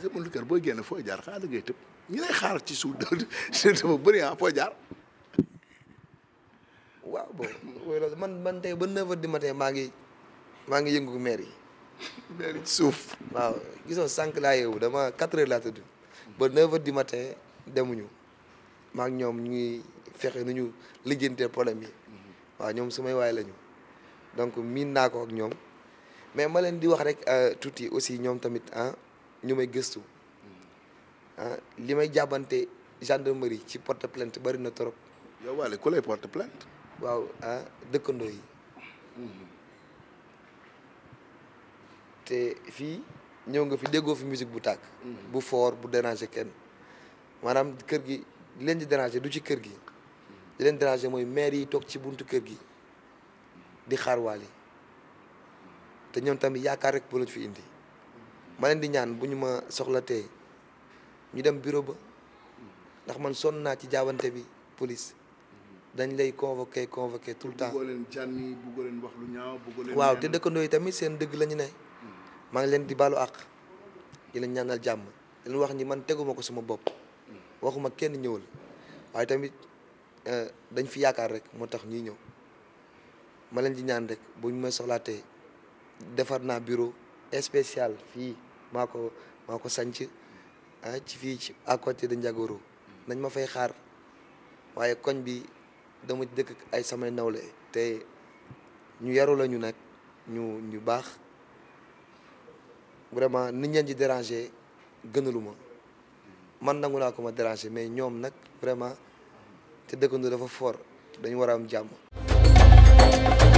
ma buntu kër boo génn fooy jaar xaaral ngay tëb ñu lay xaar ci suuf dafa bëri ah fooy jaar. waaw man man tey ba 9 heures du maa ngi maa ngi yëngu maire suuf. waaw gisoo sànq laa yeewu dama 4 heures laa tëdd. ba 9 heures demuñu maa ngi ñoom ñuy fexe nu ñu lijjantee problème yi. waaw ñoom sumay waay lañu donc miin naa ko ak ñoom mais ma leen di wax rek euh, tuuti aussi ñoom tamit ah. ñu may gëstu ah, li may jàbbante gendarmerie ci porte plainte bari na trop. yow Waly ku lay porte plainte. waaw ah, dëkkandoo yi. Mhm. te fii ñëw nga fi déggoo fi musique bu tàkk. Mhm. bu foor bu déranger kenn maanaam kër gi leen di déranger du ci kër gi. Mhm. li leen déranger mooy maire yi toog ci buntu kër gi di xaar Waly te ñoom tamit yaakaar rek bu fi indi. ma leen di ñaan bu ñu ma soxlatee ñu dem bureau ba ndax man sonn naa ci jaawante bi police dañ lay convoqué convoqué tout le temps bëggoo leen jànni bëggoo leen wax lu ñaaw bëggoo leen waaw te dëkkandoo yi tamit seen dëgg la ñu ne hmm. ngi leen di balu ak, di leen ñaanal jàmm di leen wax ni man teguma sama bopp hmm. waxuma kenn ñëwal waaye tamit euh, dañ fi yaakaar rek moo tax ñëw ma leen di ñaan rek bu ma soxlaatee defar na bureau spécial fi maa ko maa ko sanc ah ci fii ci à côté de Ndiagoro nañ ma fay xaar waaye koñ bi dama dëkk ay samay nawle te ñu yaru ñu nag ñu ñu baax vraiment ni ñan ji dérangé gënalu ma man nangu naa ko ma déranger mais ñoom nag vraiment te dëkkandoo dafa fort dañu war a am jàmm